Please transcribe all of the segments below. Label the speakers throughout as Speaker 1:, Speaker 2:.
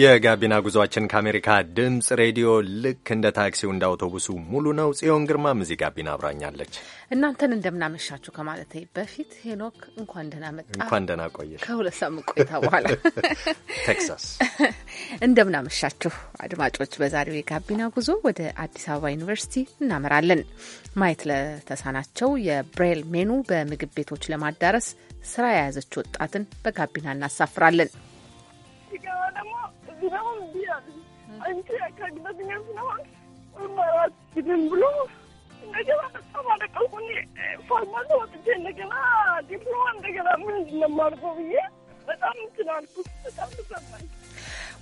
Speaker 1: የጋቢና ጉዞአችን ከአሜሪካ ድምፅ ሬዲዮ ልክ እንደ ታክሲው እንደ አውቶቡሱ ሙሉ ነው። ጽዮን ግርማ ምዚ ጋቢና አብራኛለች።
Speaker 2: እናንተን እንደምናመሻችሁ ከማለት በፊት ሄኖክ እንኳን ደህና መጣ። እንኳን ደህና ቆየ። ከሁለት ሳምንት ቆይታ በኋላ
Speaker 1: ቴክሳስ
Speaker 2: እንደምናመሻችሁ አድማጮች። በዛሬው የጋቢና ጉዞ ወደ አዲስ አበባ ዩኒቨርሲቲ እናመራለን። ማየት ለተሳናቸው የብሬል ሜኑ በምግብ ቤቶች ለማዳረስ ስራ የያዘች ወጣትን በጋቢና እናሳፍራለን።
Speaker 3: ሲገባ ደግሞ እዚህ ደግሞ አንቺ ከግበዝኛ ስለሆን መራት ግድን ብሎ እንደገና በጣም አለቀኩኝ። ፋርማሲ ወጥቼ እንደገና ዲፕሎማ እንደገና ምን እንደማርገው ብዬ በጣም እንትን አልኩት። በጣም ተሰማኝ።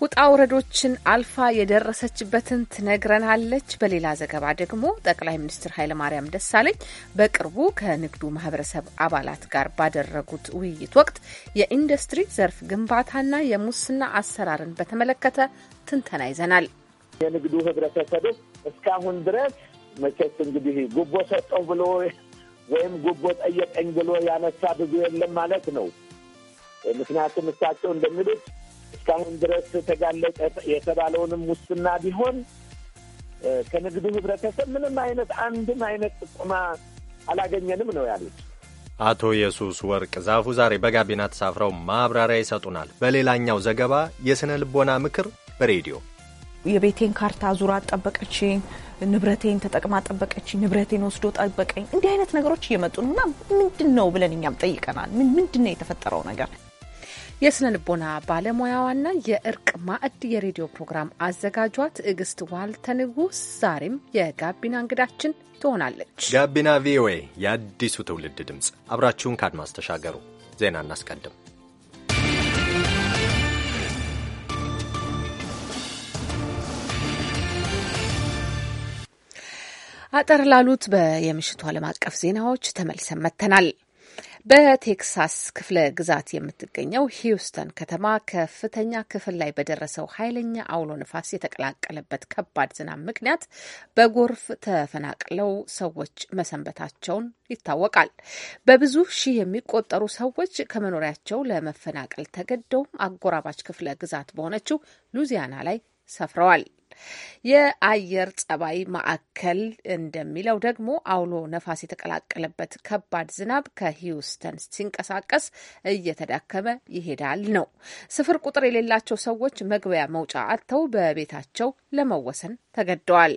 Speaker 2: ውጣ ውረዶችን አልፋ የደረሰችበትን ትነግረናለች። በሌላ ዘገባ ደግሞ ጠቅላይ ሚኒስትር ኃይለማርያም ደሳለኝ በቅርቡ ከንግዱ ማህበረሰብ አባላት ጋር ባደረጉት ውይይት ወቅት የኢንዱስትሪ ዘርፍ ግንባታና የሙስና አሰራርን በተመለከተ ትንተና ይዘናል።
Speaker 4: የንግዱ ህብረተሰብ እስካሁን ድረስ መቼስ እንግዲህ ጉቦ ሰጠው ብሎ ወይም ጉቦ ጠየቀኝ ብሎ ያነሳ ብዙ የለም ማለት ነው። ምክንያቱም እሳቸው እንደሚሉት እስካሁን ድረስ ተጋለጠ የተባለውንም ሙስና ቢሆን ከንግዱ ህብረተሰብ ምንም አይነት አንድም አይነት ጥቆማ አላገኘንም ነው
Speaker 1: ያሉት አቶ ኢየሱስ ወርቅ ዛፉ ዛሬ በጋቢና ተሳፍረው ማብራሪያ ይሰጡናል። በሌላኛው ዘገባ የሥነ ልቦና ምክር በሬዲዮ
Speaker 5: የቤቴን ካርታ ዙራ ጠበቀችኝ፣ ንብረቴን ተጠቅማ ጠበቀችኝ፣ ንብረቴን ወስዶ ጠበቀኝ። እንዲህ አይነት ነገሮች እየመጡ ነውና ምንድን ነው ብለን እኛም ጠይቀናል። ምንድን ነው የተፈጠረው ነገር? የስነ ልቦና
Speaker 2: ባለሙያዋና የእርቅ ማዕድ የሬዲዮ ፕሮግራም አዘጋጇ ትዕግስት ዋልተንጉ ዛሬም የጋቢና እንግዳችን ትሆናለች።
Speaker 1: ጋቢና ቪኦኤ የአዲሱ ትውልድ ድምፅ፣ አብራችሁን ከአድማስ ተሻገሩ። ዜና እናስቀድም።
Speaker 2: አጠር ላሉት በየምሽቱ ዓለም አቀፍ ዜናዎች ተመልሰን መጥተናል። በቴክሳስ ክፍለ ግዛት የምትገኘው ሂውስተን ከተማ ከፍተኛ ክፍል ላይ በደረሰው ኃይለኛ አውሎ ነፋስ የተቀላቀለበት ከባድ ዝናብ ምክንያት በጎርፍ ተፈናቅለው ሰዎች መሰንበታቸውን ይታወቃል። በብዙ ሺህ የሚቆጠሩ ሰዎች ከመኖሪያቸው ለመፈናቀል ተገደውም አጎራባች ክፍለ ግዛት በሆነችው ሉዚያና ላይ ሰፍረዋል። የአየር ጸባይ ማዕከል እንደሚለው ደግሞ አውሎ ነፋስ የተቀላቀለበት ከባድ ዝናብ ከሂውስተን ሲንቀሳቀስ እየተዳከመ ይሄዳል ነው። ስፍር ቁጥር የሌላቸው ሰዎች መግቢያ መውጫ አጥተው በቤታቸው ለመወሰን ተገደዋል።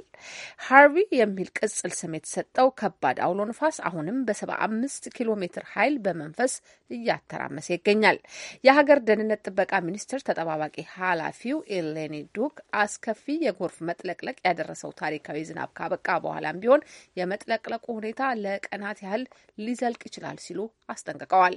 Speaker 2: ሃርቪ የሚል ቅጽል ስም የተሰጠው ከባድ አውሎ ነፋስ አሁንም በ75 ኪሎ ሜትር ኃይል በመንፈስ እያተራመሰ ይገኛል። የሀገር ደህንነት ጥበቃ ሚኒስቴር ተጠባባቂ ኃላፊው ኤሌኒ ዱክ አስከፊ የጎርፍ መጥለቅለቅ ያደረሰው ታሪካዊ ዝናብ ካበቃ በኋላም ቢሆን የመጥለቅለቁ ሁኔታ ለቀናት ያህል ሊዘልቅ ይችላል ሲሉ አስጠንቅቀዋል።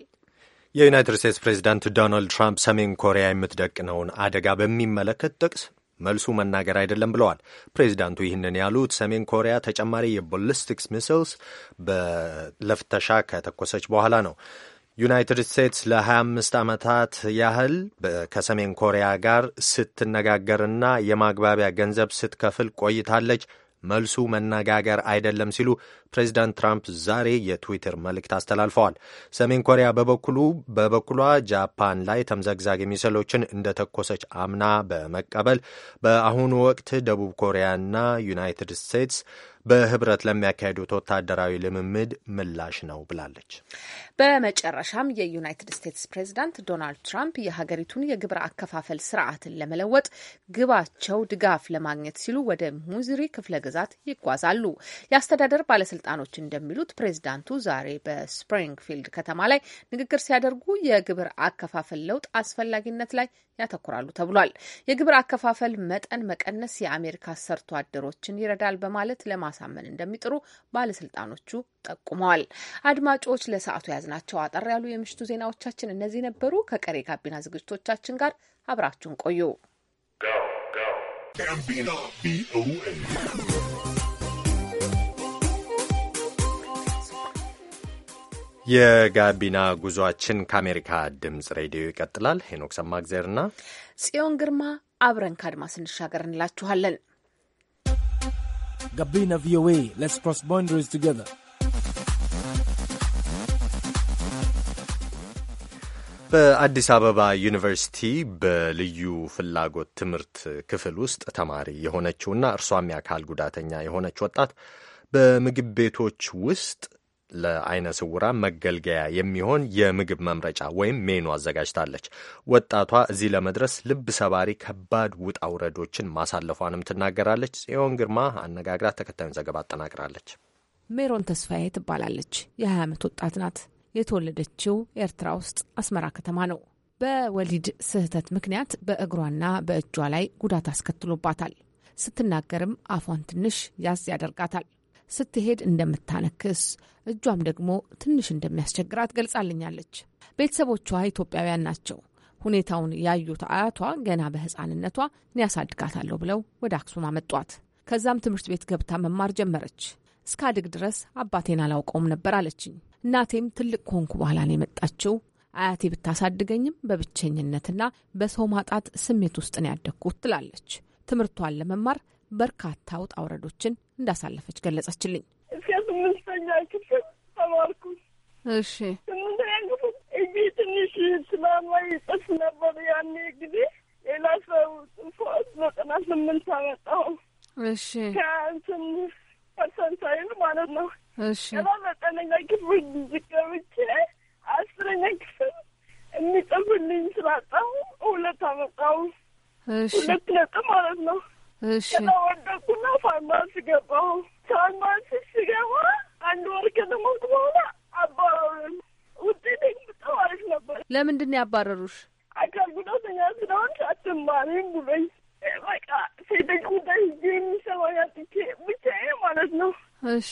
Speaker 1: የዩናይትድ ስቴትስ ፕሬዚዳንት ዶናልድ ትራምፕ ሰሜን ኮሪያ የምትደቅነውን አደጋ በሚመለከት ጥቅስ መልሱ መናገር አይደለም ብለዋል። ፕሬዚዳንቱ ይህንን ያሉት ሰሜን ኮሪያ ተጨማሪ የቦሊስቲክስ ሚስልስ ለፍተሻ ከተኮሰች በኋላ ነው። ዩናይትድ ስቴትስ ለ25 ዓመታት ያህል ከሰሜን ኮሪያ ጋር ስትነጋገርና የማግባቢያ ገንዘብ ስትከፍል ቆይታለች። መልሱ መነጋገር አይደለም ሲሉ ፕሬዚዳንት ትራምፕ ዛሬ የትዊተር መልእክት አስተላልፈዋል። ሰሜን ኮሪያ በበኩሉ በበኩሏ ጃፓን ላይ ተምዘግዛጊ ሚሳይሎችን እንደተኮሰች አምና በመቀበል በአሁኑ ወቅት ደቡብ ኮሪያና ዩናይትድ ስቴትስ በህብረት ለሚያካሂዱት ወታደራዊ ልምምድ ምላሽ ነው ብላለች።
Speaker 2: በመጨረሻም የዩናይትድ ስቴትስ ፕሬዚዳንት ዶናልድ ትራምፕ የሀገሪቱን የግብር አከፋፈል ስርዓትን ለመለወጥ ግባቸው ድጋፍ ለማግኘት ሲሉ ወደ ሙዚሪ ክፍለ ግዛት ይጓዛሉ። የአስተዳደር ባለስልጣኖች እንደሚሉት ፕሬዚዳንቱ ዛሬ በስፕሪንግፊልድ ከተማ ላይ ንግግር ሲያደርጉ የግብር አከፋፈል ለውጥ አስፈላጊነት ላይ ያተኩራሉ ተብሏል። የግብር አከፋፈል መጠን መቀነስ የአሜሪካ ሰርቶ አደሮችን ይረዳል በማለት ለማ ለማሳመን እንደሚጥሩ ባለስልጣኖቹ ጠቁመዋል። አድማጮች ለሰዓቱ የያዝናቸው አጠር ያሉ የምሽቱ ዜናዎቻችን እነዚህ ነበሩ። ከቀሬ ጋቢና ዝግጅቶቻችን ጋር አብራችሁን ቆዩ።
Speaker 1: የጋቢና ጉዟችን ከአሜሪካ ድምፅ ሬዲዮ ይቀጥላል። ሄኖክ ሰማግዜርና
Speaker 2: ጽዮን ግርማ አብረን ከአድማስ እንሻገር እንላችኋለን።
Speaker 1: Gabina VOA. E. Let's cross boundaries together. በአዲስ አበባ ዩኒቨርሲቲ በልዩ ፍላጎት ትምህርት ክፍል ውስጥ ተማሪ የሆነችውና እርሷም የአካል ጉዳተኛ የሆነች ወጣት በምግብ ቤቶች ውስጥ ለአይነ ስውራ መገልገያ የሚሆን የምግብ መምረጫ ወይም ሜኑ አዘጋጅታለች። ወጣቷ እዚህ ለመድረስ ልብ ሰባሪ ከባድ ውጣ ውረዶችን ማሳለፏንም ትናገራለች። ጽዮን ግርማ አነጋግራ ተከታዩን ዘገባ አጠናቅራለች።
Speaker 2: ሜሮን ተስፋዬ ትባላለች። የ20 ዓመት ወጣት ናት። የተወለደችው ኤርትራ ውስጥ አስመራ ከተማ ነው። በወሊድ ስህተት ምክንያት በእግሯና በእጇ ላይ ጉዳት አስከትሎባታል። ስትናገርም አፏን ትንሽ ያዝ ያደርጋታል። ስትሄድ እንደምታነክስ እጇም ደግሞ ትንሽ እንደሚያስቸግራት ገልጻልኛለች። ቤተሰቦቿ ኢትዮጵያውያን ናቸው። ሁኔታውን ያዩት አያቷ ገና በሕፃንነቷ እኔ ያሳድጋታለሁ ብለው ወደ አክሱም አመጧት። ከዛም ትምህርት ቤት ገብታ መማር ጀመረች። እስካድግ ድረስ አባቴን አላውቀውም ነበር አለችኝ። እናቴም ትልቅ ከሆንኩ በኋላ ነው የመጣችው። አያቴ ብታሳድገኝም በብቸኝነትና በሰው ማጣት ስሜት ውስጥ ነው ያደግኩት ትላለች። ትምህርቷን ለመማር በርካታ ውጣ ውረዶችን እንዳሳለፈች ገለጸችልኝ።
Speaker 3: እስከ ስምንተኛ ክፍል ተማርኩ። እሺ ስምንተኛ ክፍል እጅ ትንሽ ስላማ ይጽፍ ነበር ያኔ ጊዜ ሌላ ሰው ጽፎ ዘጠና ስምንት አመጣሁ። እሺ ከእንትን ፐርሰንት ሳይል ማለት ነው። እሺ ከዛ ዘጠነኛ ክፍል ዝገብቼ አስረኛ ክፍል የሚጽፍልኝ ስላጣሁ ሁለት አመጣሁ። እሺ ሁለት ነጥብ ማለት ነው። እሺ ከዛ
Speaker 2: ለምንድን ነው ያባረሩሽ?
Speaker 3: አካል ጉዳተኛ ስለሆንሽ አትማሪም ብሎኝ በቃ ሴቶች ጉዳይ ጊዜ የሚሰማ ያጥቼ ብቻዬ ማለት ነው። እሺ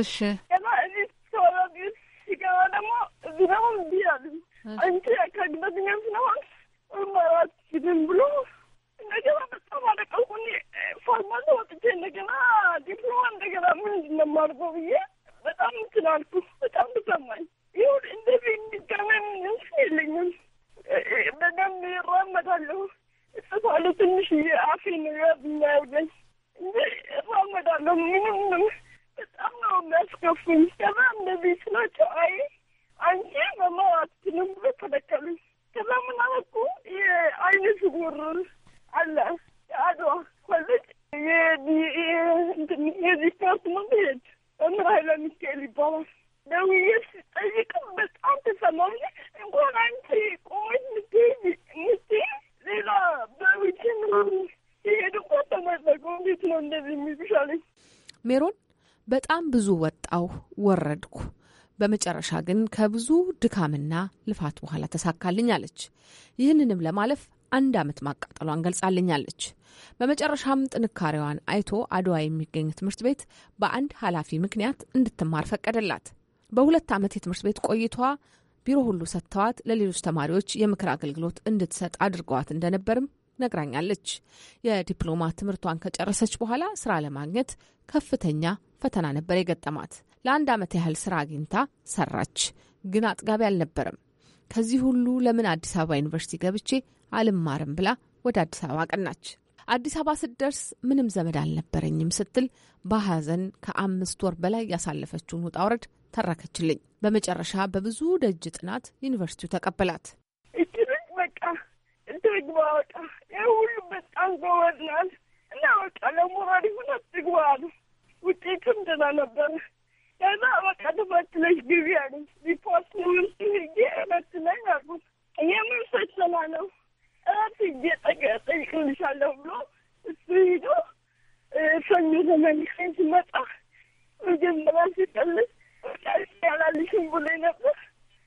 Speaker 3: እሺ ከዛ እዚ ተወላቢ ሲገባ ደግሞ ዝናሁም ቢያሉ አንቺ ከግበዝኛ ስለሆን መራት ሲልን ብሎ እንደገና በጣም አለቀኩኝ። ፎርማል ወጥቼ እንደገና ዲፕሎማ እንደገና ምንድን ነው የማድርገው ብዬ በጣም ትላልኩ በጣም ተሰማኝ። ይሁን እንደዚህ የሚገመን እንስ የለኝም። በደንብ ይራመዳለሁ፣ እጽፋለሁ። ትንሽ አፌ ነው ያዝ የሚያደርገኝ እንጂ እራመዳለሁ ምንም አስከፉኝ። ከዛ እንደዚህ ስላቸው አይ አንቺ መማር አትችልም ብሎ ተበከሉኝ። ከዛ ምን አደረኩ የአይነ ስውር አለ የአድዋ ኮሌጅ የዲፓርትመንት ሄድ እምር ኃይለ ሚካኤል ይባላል። ደውዬ ስጠይቅም በጣም ተሰማኝ። እንኳን አንቺ ቆመች ምትሄድ ምት ሌላ በዊችን ሲሄድ እንኳን ተመጠቁ እንዴት ነው እንደዚህ የሚሉሻለኝ
Speaker 2: ሜሮን በጣም ብዙ ወጣሁ፣ ወረድኩ። በመጨረሻ ግን ከብዙ ድካምና ልፋት በኋላ ተሳካልኝ አለች። ይህንንም ለማለፍ አንድ ዓመት ማቃጠሏን ገልጻልኛለች። በመጨረሻም ጥንካሬዋን አይቶ አድዋ የሚገኝ ትምህርት ቤት በአንድ ኃላፊ ምክንያት እንድትማር ፈቀደላት። በሁለት ዓመት የትምህርት ቤት ቆይቷ ቢሮ ሁሉ ሰጥተዋት ለሌሎች ተማሪዎች የምክር አገልግሎት እንድትሰጥ አድርገዋት እንደነበርም ነግራኛለች። የዲፕሎማት ትምህርቷን ከጨረሰች በኋላ ስራ ለማግኘት ከፍተኛ ፈተና ነበር የገጠማት። ለአንድ ዓመት ያህል ስራ አግኝታ ሰራች፣ ግን አጥጋቢ አልነበረም። ከዚህ ሁሉ ለምን አዲስ አበባ ዩኒቨርሲቲ ገብቼ አልማርም ብላ ወደ አዲስ አበባ ቀናች? አዲስ አበባ ስትደርስ ምንም ዘመድ አልነበረኝም ስትል በሐዘን ከአምስት ወር በላይ ያሳለፈችውን ውጣ ውረድ ተረከችልኝ። በመጨረሻ በብዙ ደጅ ጥናት ዩኒቨርሲቲው ተቀበላት።
Speaker 3: አትግባ በቃ ይህ ሁሉ በጣም ጎበዝ እና በቃ ለሞራል ይሁን አትግባ አሉ። ውጤቱም ደህና ነበረ። ከዛ በቃ ተፈትለሽ ግቢ አሉ። ሪፖርት ምን ሄጄ እፈትለኝ አሉ። የምን ፈተና ነው? እራት ሄጄ ጠይቅልሻለሁ ብሎ እሱ ሂዶ ሰኞ ተመልሰኝ ስመጣ መጀመሪያ ሲቀልስ በቃ ያላልሽም ብሎኝ ነበር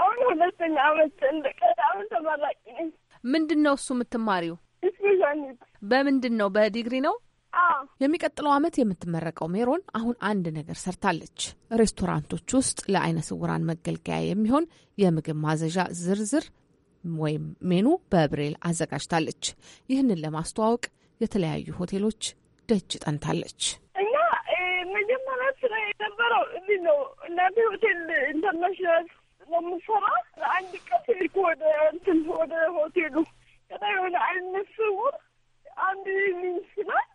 Speaker 3: አሁን ሁለተኛ አመት ትልቅ አሁን ተመራቂ ነኝ።
Speaker 2: ምንድን ነው እሱ የምትማሪው? በምንድን ነው? በዲግሪ ነው። የሚቀጥለው አመት የምትመረቀው ሜሮን አሁን አንድ ነገር ሰርታለች። ሬስቶራንቶች ውስጥ ለአይነ ስውራን መገልገያ የሚሆን የምግብ ማዘዣ ዝርዝር ወይም ሜኑ በብሬል አዘጋጅታለች። ይህንን ለማስተዋወቅ የተለያዩ ሆቴሎች ደጅ ጠንታለች።
Speaker 3: እና መጀመሪያ ስራ የነበረው እንዲ ነው እናቴ ሆቴል ኢንተርናሽናል ነው ለአንድ አንድ ቀን ስልክ ወደ እንትን ወደ ሆቴሉ ከዛ የሆነ አይነት ስውር አንድ ስላል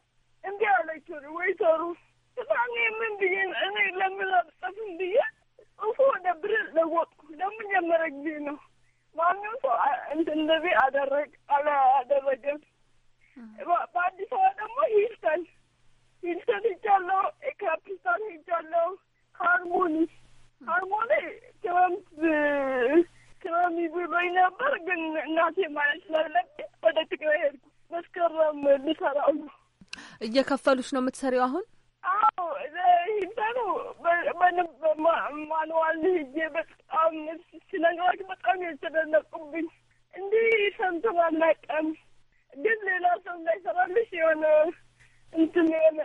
Speaker 3: እንዲህ አለች ወይተሩ ቅዳሜ ምን ብዬ እኔ ለምለጠፍም ብዬ ጽሑፉ ወደ ብር ለወጥኩ ለመጀመረ ጊዜ ነው። ማንም ሰው እንደዚህ አደረግ አላደረገም። በአዲስ አበባ ደግሞ ሂልተን ሂልተን ሂጃለው፣ ካፒታል ሂጃለው፣ ሃርሞኒ አርሞኔ ክረምት ክረም ይብሎኝ ነበር፣ ግን እናቴ ማለት ስላለብኝ ወደ ትግራይ ሄድኩ። መስከረም ነው።
Speaker 2: ነው የምትሰሪው አሁን?
Speaker 3: አዎ ሂዳኑ ማንዋል ሄጄ በጣም ሲነግራት በጣም የተደነቁብኝ እንዲህ ሰምተን አናውቅም፣ ግን ሌላ ሰው እንዳይሰራልሽ የሆነ እንትን የሆነ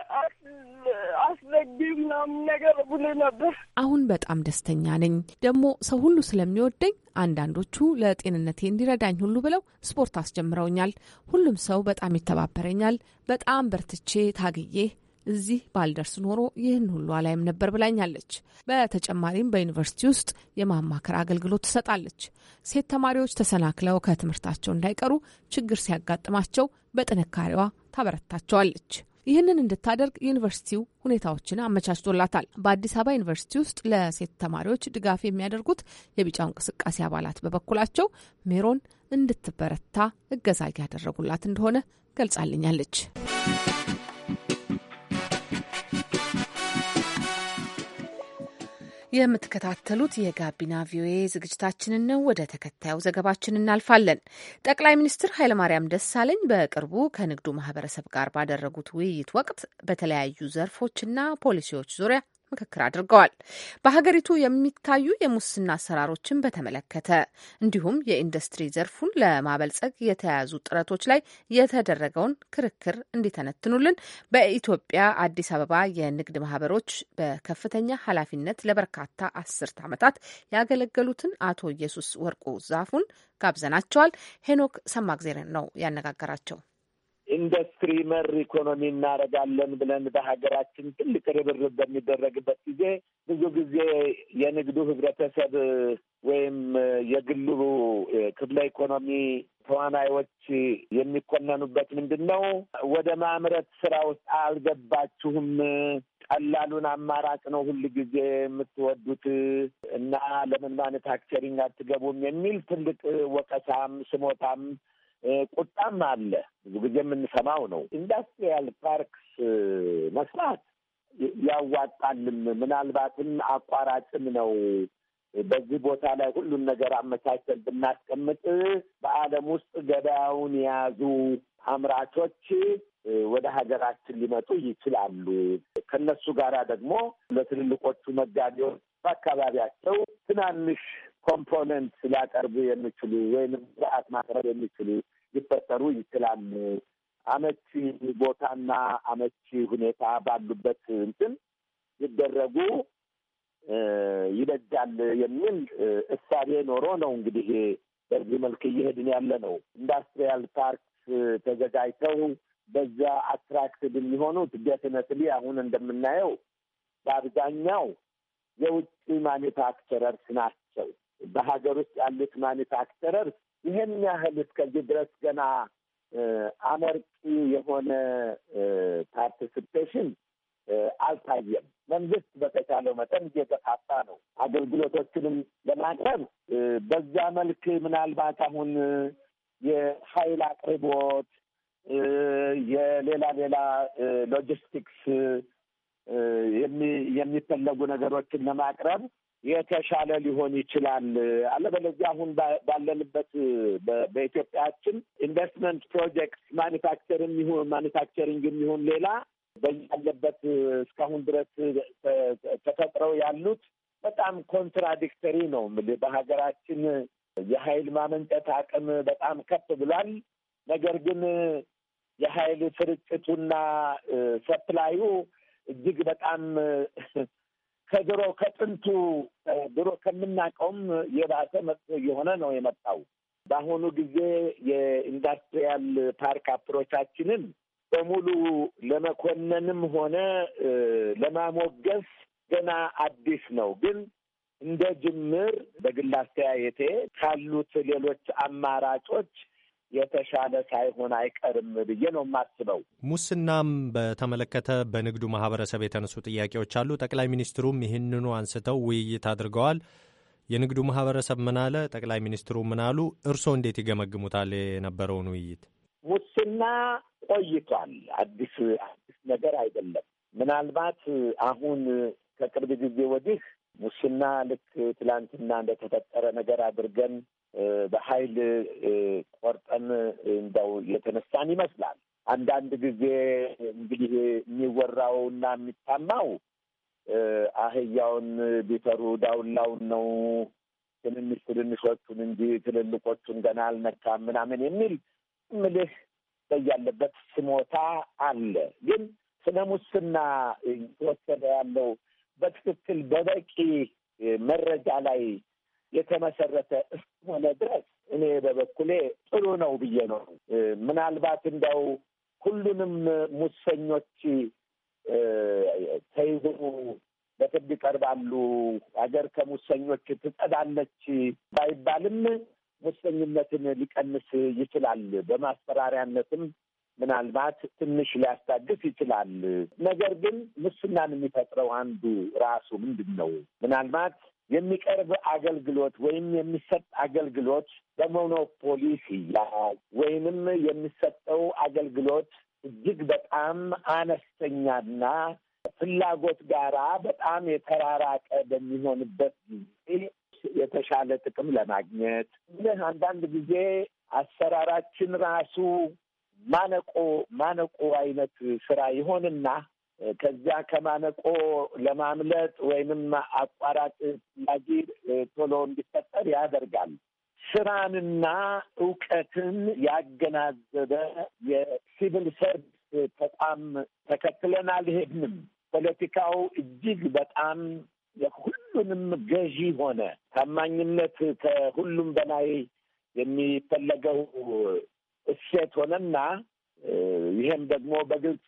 Speaker 3: አስለጊ ምናምን ነገር ብሉ ነበር።
Speaker 2: አሁን በጣም ደስተኛ ነኝ። ደግሞ ሰው ሁሉ ስለሚወደኝ አንዳንዶቹ ለጤንነቴ እንዲረዳኝ ሁሉ ብለው ስፖርት አስጀምረውኛል። ሁሉም ሰው በጣም ይተባበረኛል። በጣም በርትቼ ታግዬ እዚህ ባልደርስ ኖሮ ይህን ሁሉ አላይም ነበር ብላኛለች። በተጨማሪም በዩኒቨርሲቲ ውስጥ የማማከር አገልግሎት ትሰጣለች። ሴት ተማሪዎች ተሰናክለው ከትምህርታቸው እንዳይቀሩ ችግር ሲያጋጥማቸው በጥንካሬዋ ታበረታቸዋለች። ይህንን እንድታደርግ ዩኒቨርሲቲው ሁኔታዎችን አመቻችቶላታል። በአዲስ አበባ ዩኒቨርሲቲ ውስጥ ለሴት ተማሪዎች ድጋፍ የሚያደርጉት የቢጫው እንቅስቃሴ አባላት በበኩላቸው ሜሮን እንድትበረታ እገዛ እያደረጉላት እንደሆነ ገልጻልኛለች። የምትከታተሉት የጋቢና ቪኦኤ ዝግጅታችንን ነው። ወደ ተከታዩ ዘገባችን እናልፋለን። ጠቅላይ ሚኒስትር ኃይለማርያም ደሳለኝ በቅርቡ ከንግዱ ማህበረሰብ ጋር ባደረጉት ውይይት ወቅት በተለያዩ ዘርፎችና ፖሊሲዎች ዙሪያ ምክክር አድርገዋል። በሀገሪቱ የሚታዩ የሙስና አሰራሮችን በተመለከተ እንዲሁም የኢንዱስትሪ ዘርፉን ለማበልጸግ የተያዙ ጥረቶች ላይ የተደረገውን ክርክር እንዲተነትኑልን በኢትዮጵያ አዲስ አበባ የንግድ ማህበሮች በከፍተኛ ኃላፊነት ለበርካታ አስርት ዓመታት ያገለገሉትን አቶ ኢየሱስ ወርቁ ዛፉን ጋብዘናቸዋል። ሄኖክ ሰማግዜርን ነው ያነጋገራቸው።
Speaker 4: ኢንዱስትሪ መር ኢኮኖሚ እናደርጋለን ብለን በሀገራችን ትልቅ ርብርብ በሚደረግበት ጊዜ ብዙ ጊዜ የንግዱ ህብረተሰብ ወይም የግሉ ክፍለ ኢኮኖሚ ተዋናዮች የሚኮነኑበት ምንድን ነው? ወደ ማምረት ስራ ውስጥ አልገባችሁም፣ ቀላሉን አማራጭ ነው ሁል ጊዜ የምትወዱት እና ለምን ማኑፋክቸሪንግ አትገቡም? የሚል ትልቅ ወቀሳም ስሞታም ቁጣም አለ። ብዙ ጊዜ የምንሰማው ነው። ኢንዱስትሪያል ፓርክስ መስራት ያዋጣልም፣ ምናልባትም አቋራጭም ነው። በዚህ ቦታ ላይ ሁሉን ነገር አመቻቸን ብናስቀምጥ በዓለም ውስጥ ገበያውን የያዙ አምራቾች ወደ ሀገራችን ሊመጡ ይችላሉ። ከነሱ ጋራ ደግሞ ለትልልቆቹ መጋቢዎች በአካባቢያቸው ትናንሽ ኮምፖነንት ሊያቀርቡ የሚችሉ ወይም ግብአት ማቅረብ የሚችሉ ሊፈጠሩ ይችላል አመቺ ቦታና አመቺ ሁኔታ ባሉበት እንትን ሊደረጉ ይበጃል የሚል እሳቤ ኖሮ ነው እንግዲህ በዚህ መልክ እየሄድን ያለ ነው። ኢንዱስትሪያል ፓርክ ተዘጋጅተው በዛ አትራክትድ የሚሆኑት ደፍነትሊ አሁን እንደምናየው በአብዛኛው የውጭ ማኒፋክቸረርስ ናቸው። በሀገር ውስጥ ያሉት ማኒፋክቸረር ይህን ያህል እስከዚህ ድረስ ገና አመርቂ የሆነ ፓርቲሲፔሽን አልታየም። መንግስት በተቻለው መጠን እየገፋፋ ነው አገልግሎቶችንም ለማቅረብ በዛ መልክ ምናልባት አሁን የሀይል አቅርቦት የሌላ ሌላ ሎጂስቲክስ የሚፈለጉ ነገሮችን ለማቅረብ የተሻለ ሊሆን ይችላል። አለበለዚያ አሁን ባለንበት በኢትዮጵያችን ኢንቨስትመንት ፕሮጀክት ማኒፋክቸርም ይሁን ማኒፋክቸሪንግ የሚሆን ሌላ በያለበት እስካሁን ድረስ ተፈጥረው ያሉት በጣም ኮንትራዲክተሪ ነው። በሀገራችን የኃይል ማመንጨት አቅም በጣም ከፍ ብሏል። ነገር ግን የኃይል ስርጭቱና ሰፕላዩ እጅግ በጣም ከድሮ ከጥንቱ ድሮ ከምናውቀውም የባሰ መጥፎ እየሆነ ነው የመጣው። በአሁኑ ጊዜ የኢንዱስትሪያል ፓርክ አፕሮቻችንን በሙሉ ለመኮነንም ሆነ ለማሞገስ ገና አዲስ ነው። ግን እንደ ጅምር በግል አስተያየቴ ካሉት ሌሎች አማራጮች የተሻለ ሳይሆን አይቀርም ብዬ ነው የማስበው።
Speaker 1: ሙስናም በተመለከተ በንግዱ ማህበረሰብ የተነሱ ጥያቄዎች አሉ። ጠቅላይ ሚኒስትሩም ይህንኑ አንስተው ውይይት አድርገዋል። የንግዱ ማህበረሰብ ምን አለ? ጠቅላይ ሚኒስትሩ ምን አሉ? እርስዎ እንዴት ይገመግሙታል የነበረውን ውይይት?
Speaker 4: ሙስና ቆይቷል። አዲስ አዲስ ነገር አይደለም። ምናልባት አሁን ከቅርብ ጊዜ ወዲህ ሙስና ልክ ትላንትና እንደተፈጠረ ነገር አድርገን በኃይል ቆርጠን እንደው የተነሳን ይመስላል። አንዳንድ ጊዜ እንግዲህ የሚወራው እና የሚታማው አህያውን ቢተሩ ዳውላውን ነው ትንንሽ ትንንሾቹን እንጂ ትልልቆቹን ገና አልነካም ምናምን የሚል ምልህ ያለበት ስሞታ አለ። ግን ስለ ሙስና እየተወሰደ ያለው በትክክል በበቂ መረጃ ላይ የተመሰረተ እስከሆነ ድረስ እኔ በበኩሌ ጥሩ ነው ብዬ ነው። ምናልባት እንደው ሁሉንም ሙሰኞች ተይዞ በፍርድ ይቀርባሉ፣ ሀገር ከሙሰኞች ትጸዳለች ባይባልም ሙሰኝነትን ሊቀንስ ይችላል። በማስፈራሪያነትም ምናልባት ትንሽ ሊያስታግስ ይችላል። ነገር ግን ሙስናን የሚፈጥረው አንዱ ራሱ ምንድን ነው? ምናልባት የሚቀርብ አገልግሎት ወይም የሚሰጥ አገልግሎት በሞኖፖሊ ሲያዝ ወይንም የሚሰጠው አገልግሎት እጅግ በጣም አነስተኛና ፍላጎት ጋራ በጣም የተራራቀ በሚሆንበት ጊዜ የተሻለ ጥቅም ለማግኘት ይህ አንዳንድ ጊዜ አሰራራችን ራሱ ማነቆ ማነቆ አይነት ስራ ይሆንና ከዚያ ከማነቆ ለማምለጥ ወይንም አቋራጭ ፍላጊ ቶሎ እንዲፈጠር ያደርጋል። ስራንና እውቀትን ያገናዘበ የሲቪል ሰርቪስ ተቋም ተከትለን አልሄድንም። ፖለቲካው እጅግ በጣም የሁሉንም ገዢ ሆነ። ታማኝነት ከሁሉም በላይ የሚፈለገው እሴት ሆነና ይህም ደግሞ በግልጽ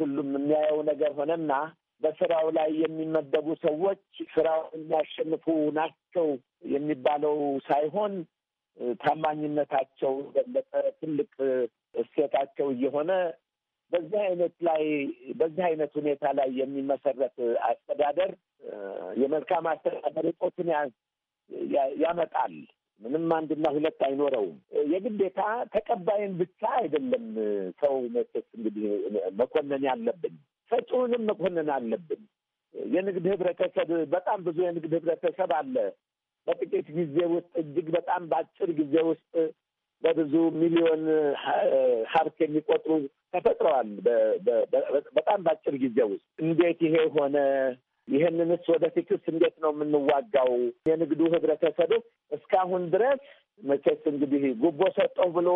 Speaker 4: ሁሉም የሚያየው ነገር ሆነና በስራው ላይ የሚመደቡ ሰዎች ስራው የሚያሸንፉ ናቸው የሚባለው ሳይሆን ታማኝነታቸው በለጠ ትልቅ እሴታቸው እየሆነ በዚህ አይነት ላይ በዚህ አይነት ሁኔታ ላይ የሚመሰረት አስተዳደር የመልካም አስተዳደር እጦትን ያመጣል። ምንም አንድና ሁለት አይኖረውም። የግዴታ ተቀባይን ብቻ አይደለም ሰው መቼስ እንግዲህ መኮነን ያለብን ሰጪውንም መኮነን አለብን። የንግድ ህብረተሰብ በጣም ብዙ የንግድ ህብረተሰብ አለ። በጥቂት ጊዜ ውስጥ እጅግ በጣም በአጭር ጊዜ ውስጥ በብዙ ሚሊዮን ሀብት የሚቆጥሩ ተፈጥረዋል። በጣም በአጭር ጊዜ ውስጥ እንዴት ይሄ ሆነ ይህንንስ ወደፊትስ እንዴት ነው የምንዋጋው? የንግዱ ህብረተሰብ እስካሁን ድረስ መቼስ እንግዲህ ጉቦ ሰጠው ብሎ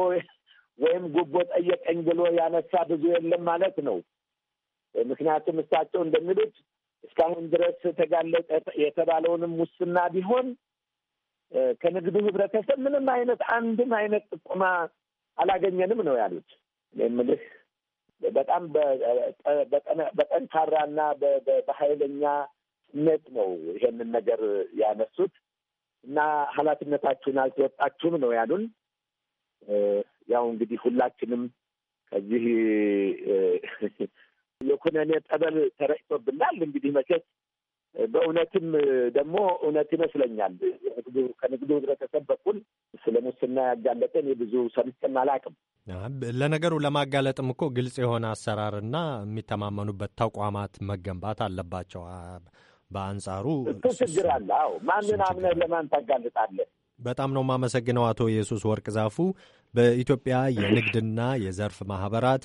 Speaker 4: ወይም ጉቦ ጠየቀኝ ብሎ ያነሳ ብዙ የለም ማለት ነው። ምክንያቱም እሳቸው እንደሚሉት እስካሁን ድረስ ተጋለጠ የተባለውንም ሙስና ቢሆን ከንግዱ ህብረተሰብ ምንም አይነት አንድም አይነት ጥቆማ አላገኘንም ነው ያሉት። እኔ የምልህ በጣም በጠንካራ እና በኃይለኛ ስሜት ነው ይሄንን ነገር ያነሱት እና ኃላፊነታችሁን አልተወጣችሁም ነው ያሉን። ያው እንግዲህ ሁላችንም ከዚህ የኩነኔ ጠበል ተረጭቶብናል። እንግዲህ መቼስ በእውነትም ደግሞ እውነት ይመስለኛል። ከንግዱ ህብረተሰብ በኩል ስለ ሙስና ያጋለጠ እኔ ብዙ ሰምቼም አላውቅም።
Speaker 1: ለነገሩ ለማጋለጥም እኮ ግልጽ የሆነ አሰራርና የሚተማመኑበት ተቋማት መገንባት አለባቸው። በአንጻሩ
Speaker 4: እሱ ችግር አለ። አዎ ማንን አምነህ ለማን ታጋልጣለህ?
Speaker 1: በጣም ነው የማመሰግነው አቶ ኢየሱስ ወርቅ ዛፉ በኢትዮጵያ የንግድና የዘርፍ ማህበራት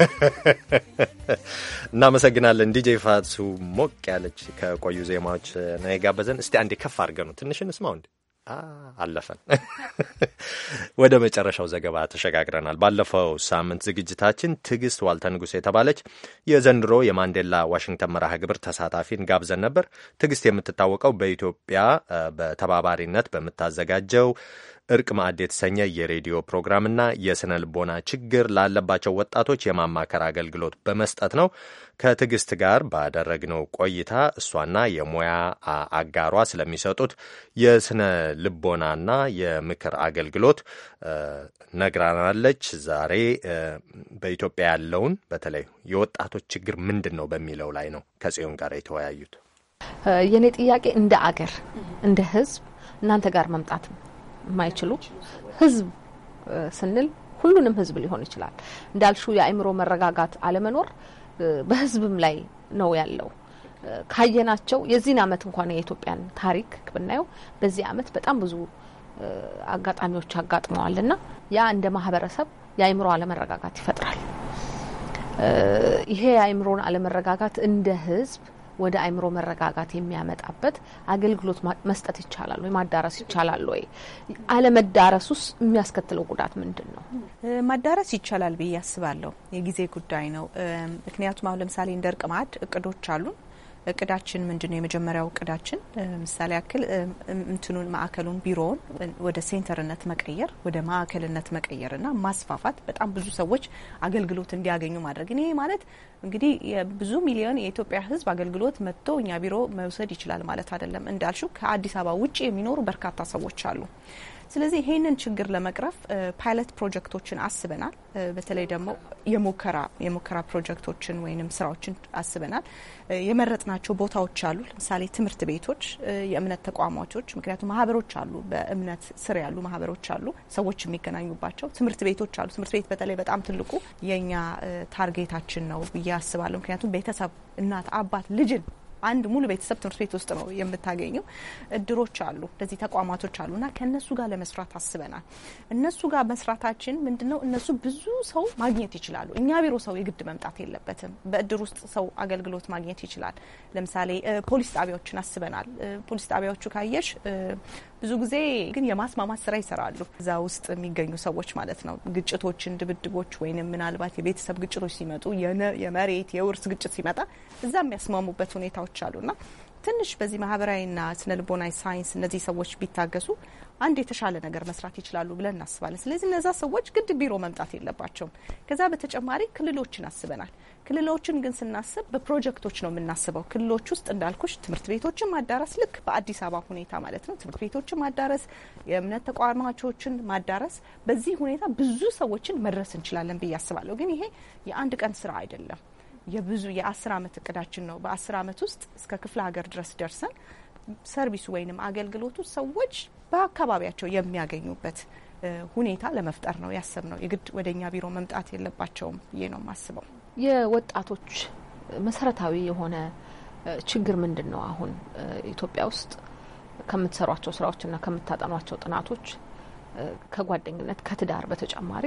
Speaker 1: እናመሰግናለን ዲጄ ፋሱ። ሞቅ ያለች ከቆዩ ዜማዎች ነው የጋበዘን። እስቲ አንዴ ከፍ አድርገን ነው ትንሽን ስማው እንዲ አለፈን። ወደ መጨረሻው ዘገባ ተሸጋግረናል። ባለፈው ሳምንት ዝግጅታችን ትዕግስት ዋልተ ንጉሥ የተባለች የዘንድሮ የማንዴላ ዋሽንግተን መርሃ ግብር ተሳታፊን ጋብዘን ነበር። ትዕግስት የምትታወቀው በኢትዮጵያ በተባባሪነት በምታዘጋጀው እርቅ ማዕድ የተሰኘ የሬዲዮ ፕሮግራምና የስነ ልቦና ችግር ላለባቸው ወጣቶች የማማከር አገልግሎት በመስጠት ነው። ከትዕግስት ጋር ባደረግነው ቆይታ እሷና የሙያ አጋሯ ስለሚሰጡት የስነ ልቦናና የምክር አገልግሎት ነግራናለች። ዛሬ በኢትዮጵያ ያለውን በተለይ የወጣቶች ችግር ምንድን ነው በሚለው ላይ ነው ከጽዮን ጋር የተወያዩት።
Speaker 2: የእኔ ጥያቄ እንደ አገር እንደ ሕዝብ እናንተ ጋር መምጣት ነው የማይችሉ ህዝብ ስንል ሁሉንም ህዝብ ሊሆን ይችላል። እንዳልሹ የአእምሮ መረጋጋት አለመኖር በህዝብም ላይ ነው ያለው። ካየናቸው የዚህን አመት እንኳን የኢትዮጵያን ታሪክ ብናየው በዚህ አመት በጣም ብዙ አጋጣሚዎች አጋጥመዋል እና ያ እንደ ማህበረሰብ የአእምሮ አለመረጋጋት ይፈጥራል። ይሄ የአእምሮን አለመረጋጋት እንደ ህዝብ ወደ አይምሮ መረጋጋት የሚያመጣበት አገልግሎት መስጠት ይቻላል ወይ? ማዳረስ ይቻላል ወይ? አለመዳረስ ውስጥ የሚያስከትለው ጉዳት ምንድን ነው?
Speaker 5: ማዳረስ ይቻላል ብዬ አስባለሁ። የጊዜ ጉዳይ ነው። ምክንያቱም አሁን ለምሳሌ እንደ እርቅ እቅዶች አሉን እቅዳችን ምንድን ነው? የመጀመሪያው እቅዳችን ምሳሌ ያክል እንትኑን ማዕከሉን ቢሮውን ወደ ሴንተርነት መቀየር ወደ ማዕከልነት መቀየርና ማስፋፋት በጣም ብዙ ሰዎች አገልግሎት እንዲያገኙ ማድረግ። ይሄ ማለት እንግዲህ ብዙ ሚሊዮን የኢትዮጵያ ሕዝብ አገልግሎት መጥቶ እኛ ቢሮ መውሰድ ይችላል ማለት አይደለም። እንዳልሹ ከአዲስ አበባ ውጭ የሚኖሩ በርካታ ሰዎች አሉ። ስለዚህ ይሄንን ችግር ለመቅረፍ ፓይለት ፕሮጀክቶችን አስበናል። በተለይ ደግሞ የሙከራ የሙከራ ፕሮጀክቶችን ወይም ስራዎችን አስበናል። የመረጥናቸው ቦታዎች አሉ። ለምሳሌ ትምህርት ቤቶች፣ የእምነት ተቋማቶች፣ ምክንያቱም ማህበሮች አሉ፣ በእምነት ስር ያሉ ማህበሮች አሉ፣ ሰዎች የሚገናኙባቸው ትምህርት ቤቶች አሉ። ትምህርት ቤት በተለይ በጣም ትልቁ የኛ ታርጌታችን ነው ብዬ አስባለሁ። ምክንያቱም ቤተሰብ እናት፣ አባት ልጅን አንድ ሙሉ ቤተሰብ ትምህርት ቤት ውስጥ ነው የምታገኘው። እድሮች አሉ፣ እንደዚህ ተቋማቶች እና ከእነሱ ጋር ለመስራት አስበናል። እነሱ ጋር መስራታችን ምንድነው፣ እነሱ ብዙ ሰው ማግኘት ይችላሉ። እኛ ቢሮ ሰው የግድ መምጣት የለበትም። በእድር ውስጥ ሰው አገልግሎት ማግኘት ይችላል። ለምሳሌ ፖሊስ ጣቢያዎችን አስበናል። ፖሊስ ጣቢያዎቹ ካየሽ ብዙ ጊዜ ግን የማስማማት ስራ ይሰራሉ። እዛ ውስጥ የሚገኙ ሰዎች ማለት ነው። ግጭቶችን፣ ድብድቦች ወይንም ምናልባት የቤተሰብ ግጭቶች ሲመጡ፣ የመሬት የውርስ ግጭት ሲመጣ እዛ የሚያስማሙበት ሁኔታዎች አሉና ትንሽ በዚህ ማህበራዊና ስነ ልቦናዊ ሳይንስ እነዚህ ሰዎች ቢታገሱ አንድ የተሻለ ነገር መስራት ይችላሉ ብለን እናስባለን። ስለዚህ እነዛ ሰዎች ግድ ቢሮ መምጣት የለባቸውም። ከዛ በተጨማሪ ክልሎችን አስበናል። ክልሎችን ግን ስናስብ በፕሮጀክቶች ነው የምናስበው። ክልሎች ውስጥ እንዳልኩሽ ትምህርት ቤቶችን ማዳረስ፣ ልክ በአዲስ አበባ ሁኔታ ማለት ነው። ትምህርት ቤቶችን ማዳረስ፣ የእምነት ተቋማቾችን ማዳረስ፣ በዚህ ሁኔታ ብዙ ሰዎችን መድረስ እንችላለን ብዬ አስባለሁ። ግን ይሄ የአንድ ቀን ስራ አይደለም። የብዙ የአስር አመት እቅዳችን ነው። በአስር አመት ውስጥ እስከ ክፍለ ሀገር ድረስ ደርሰን ሰርቪሱ ወይንም አገልግሎቱ ሰዎች በአካባቢያቸው የሚያገኙበት ሁኔታ ለመፍጠር ነው ያሰብ ነው። የግድ ወደ እኛ ቢሮ መምጣት የለባቸውም ብዬ ነው የማስበው።
Speaker 2: የወጣቶች መሰረታዊ የሆነ ችግር ምንድን ነው? አሁን ኢትዮጵያ ውስጥ ከምትሰሯቸው ስራዎችና ከምታጠኗቸው ጥናቶች ከጓደኝነት ከትዳር በተጨማሪ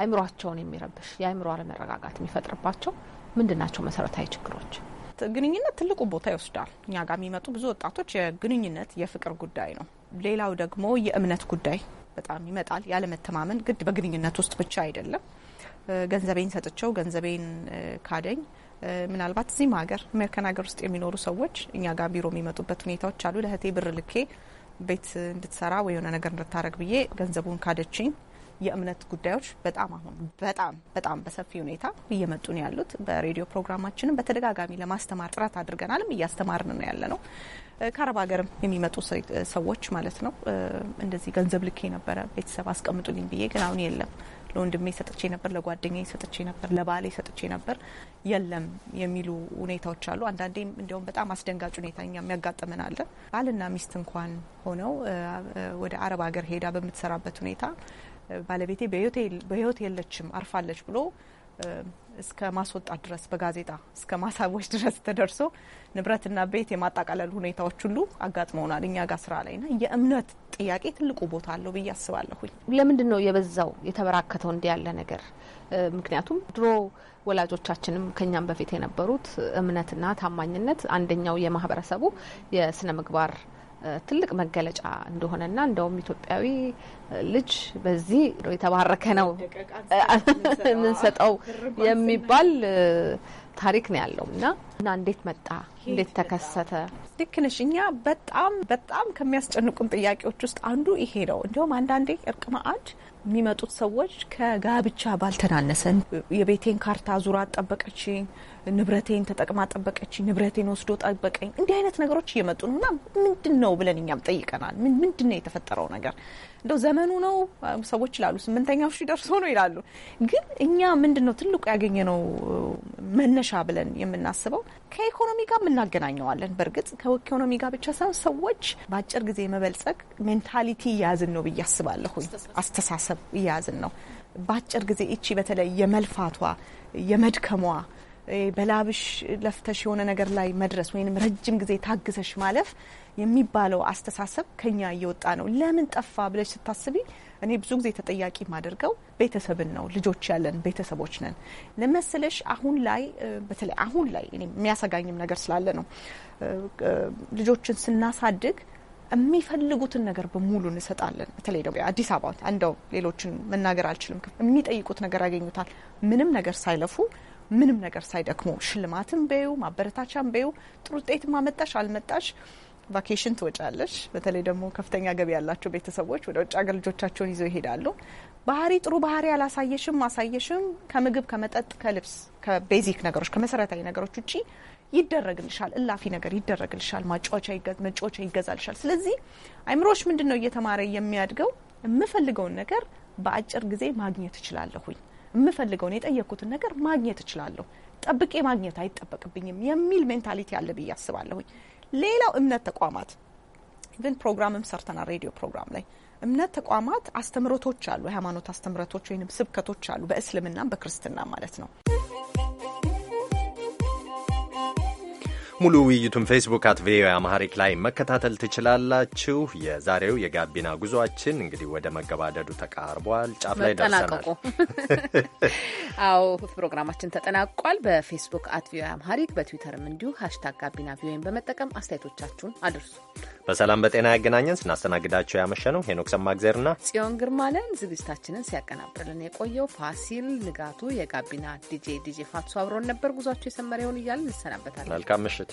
Speaker 2: አእምሯቸውን
Speaker 5: የሚረብሽ የአይምሮ አለመረጋጋት የሚፈጥርባቸው
Speaker 2: ምንድን ናቸው መሰረታዊ ችግሮች?
Speaker 5: ወጣት ግንኙነት ትልቁ ቦታ ይወስዳል። እኛ ጋር የሚመጡ ብዙ ወጣቶች የግንኙነት የፍቅር ጉዳይ ነው። ሌላው ደግሞ የእምነት ጉዳይ በጣም ይመጣል። ያለ መተማመን ግድ በግንኙነት ውስጥ ብቻ አይደለም። ገንዘቤን ሰጥቸው ገንዘቤን ካደኝ ምናልባት እዚህም ሀገር አሜሪካን ሀገር ውስጥ የሚኖሩ ሰዎች እኛ ጋር ቢሮ የሚመጡበት ሁኔታዎች አሉ። ለህቴ ብር ልኬ ቤት እንድትሰራ ወይ የሆነ ነገር እንድታረግ ብዬ ገንዘቡን ካደችኝ የእምነት ጉዳዮች በጣም አሁን በጣም በጣም በሰፊ ሁኔታ እየመጡ ነው ያሉት። በሬዲዮ ፕሮግራማችንም በተደጋጋሚ ለማስተማር ጥረት አድርገናልም እያስተማርን ነው ያለ ነው። ከአረብ ሀገርም የሚመጡ ሰዎች ማለት ነው። እንደዚህ ገንዘብ ልኬ ነበረ ቤተሰብ አስቀምጡልኝ ብዬ ግን አሁን የለም ለወንድሜ ሰጥቼ ነበር፣ ለጓደኛ ሰጥቼ ነበር፣ ለባሌ ሰጥቼ ነበር የለም የሚሉ ሁኔታዎች አሉ። አንዳንዴም እንዲያውም በጣም አስደንጋጭ ሁኔታ እኛ የሚያጋጥመን አለ። ባልና ሚስት እንኳን ሆነው ወደ አረብ ሀገር ሄዳ በምትሰራበት ሁኔታ ባለቤቴ በህይወት የለችም አርፋለች ብሎ እስከ ማስወጣት ድረስ በጋዜጣ እስከ ማሳቦች ድረስ ተደርሶ ንብረትና ቤት የማጣቃለል ሁኔታዎች ሁሉ አጋጥመውናል እኛ ጋር ስራ ላይ ና የእምነት ጥያቄ ትልቁ ቦታ አለው ብዬ አስባለሁኝ።
Speaker 2: ለምንድን ነው የበዛው የተበራከተው እንዲ ያለ ነገር? ምክንያቱም ድሮ ወላጆቻችንም ከኛም በፊት የነበሩት እምነትና ታማኝነት አንደኛው የማህበረሰቡ የስነ ምግባር ትልቅ መገለጫ እንደሆነና እንደውም ኢትዮጵያዊ ልጅ በዚህ የተባረከ ነው የምንሰጠው የሚባል ታሪክ ነው ያለው እና እና እንዴት መጣ? እንዴት ተከሰተ?
Speaker 5: ልክ ነሽ። እኛ በጣም በጣም ከሚያስጨንቁን ጥያቄዎች ውስጥ አንዱ ይሄ ነው። እንዲሁም አንዳንዴ እርቅ ማዕድ የሚመጡት ሰዎች ከጋብቻ ባልተናነሰን የቤቴን ካርታ ዙራ ጠበቀች፣ ንብረቴን ተጠቅማ ጠበቀች፣ ንብረቴን ወስዶ ጠበቀኝ፣ እንዲህ አይነት ነገሮች እየመጡ ነው እና ምንድን ነው ብለን እኛም ጠይቀናል። ምንድን ነው የተፈጠረው ነገር እንደው ዘመኑ ነው ሰዎች ይላሉ፣ ስምንተኛው ሺ ደርሶ ነው ይላሉ። ግን እኛ ምንድን ነው ትልቁ ያገኘ ነው መነሻ ብለን የምናስበው ከኢኮኖሚ ጋር የምናገናኘዋለን። በእርግጥ ከኢኮኖሚ ጋር ብቻ ሳይሆን ሰዎች በአጭር ጊዜ መበልጸግ ሜንታሊቲ እያያዝን ነው ብዬ አስባለሁኝ። አስተሳሰብ እያያዝን ነው በአጭር ጊዜ። እቺ በተለይ የመልፋቷ የመድከሟ በላብሽ ለፍተሽ የሆነ ነገር ላይ መድረስ ወይም ረጅም ጊዜ ታግሰሽ ማለፍ የሚባለው አስተሳሰብ ከኛ እየወጣ ነው። ለምን ጠፋ ብለሽ ስታስቢ እኔ ብዙ ጊዜ ተጠያቂ ማደርገው ቤተሰብን ነው። ልጆች ያለን ቤተሰቦች ነን ለመሰለሽ። አሁን ላይ በተለይ አሁን ላይ እኔ የሚያሰጋኝም ነገር ስላለ ነው። ልጆችን ስናሳድግ የሚፈልጉትን ነገር በሙሉ እንሰጣለን። በተለይ ደግሞ አዲስ አበባ እንደው ሌሎችን መናገር አልችልም። የሚጠይቁት ነገር ያገኙታል ምንም ነገር ሳይለፉ ምንም ነገር ሳይደክሙ ሽልማትም በዩ ማበረታቻም በዩ ጥሩ ውጤት ማመጣሽ አልመጣሽ ቫኬሽን ትወጫለሽ። በተለይ ደግሞ ከፍተኛ ገቢ ያላቸው ቤተሰቦች ወደ ውጭ ሀገር ልጆቻቸውን ይዘው ይሄዳሉ። ባህሪ ጥሩ ባህሪ አላሳየሽም ማሳየሽም ከምግብ፣ ከመጠጥ፣ ከልብስ፣ ከቤዚክ ነገሮች ከመሰረታዊ ነገሮች ውጪ ይደረግልሻል። እላፊ ነገር ይደረግልሻል። መጫወቻ ይገዛልሻል። ስለዚህ አይምሮች ምንድን ነው እየተማረ የሚያድገው የምፈልገውን ነገር በአጭር ጊዜ ማግኘት እችላለሁኝ የምፈልገውን የጠየቅኩትን ነገር ማግኘት እችላለሁ፣ ጠብቄ ማግኘት አይጠበቅብኝም የሚል ሜንታሊቲ አለ ብዬ አስባለሁኝ። ሌላው እምነት ተቋማት ኢቨን ፕሮግራምም ሰርተናል። ሬዲዮ ፕሮግራም ላይ እምነት ተቋማት አስተምሮቶች አሉ፣ የሃይማኖት አስተምረቶች ወይም ስብከቶች አሉ፣ በእስልምናም በክርስትና ማለት ነው።
Speaker 1: ሙሉ ውይይቱን ፌስቡክ አት ቪኦኤ አማሐሪክ ላይ መከታተል ትችላላችሁ። የዛሬው የጋቢና ጉዟችን እንግዲህ ወደ መገባደዱ ተቃርቧል፣ ጫፍ ላይ ደርሰናል።
Speaker 2: አዎ ፕሮግራማችን ተጠናቋል። በፌስቡክ አት ቪኦኤ አማሪክ በትዊተርም እንዲሁ ሀሽታግ ጋቢና ቪኦኤን በመጠቀም አስተያየቶቻችሁን አድርሱ።
Speaker 1: በሰላም በጤና ያገናኘን። ስናስተናግዳቸው ያመሸ ነው ሄኖክ ሰማእግዜርና
Speaker 2: ጽዮን ግርማለን። ዝግጅታችንን ሲያቀናብርልን የቆየው ፋሲል ንጋቱ፣ የጋቢና ዲጄ ዲጄ ፋትሶ አብሮን ነበር። ጉዟቸው የሰመረ ይሁን እያልን እንሰናበታለን።
Speaker 1: መልካም ምሽት።